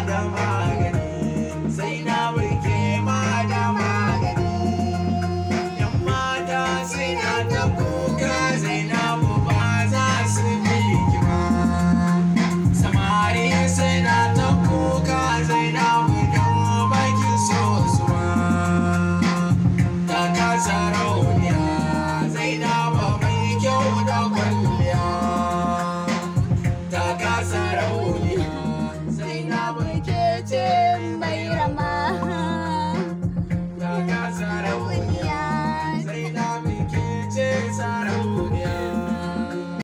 Adama. mighty.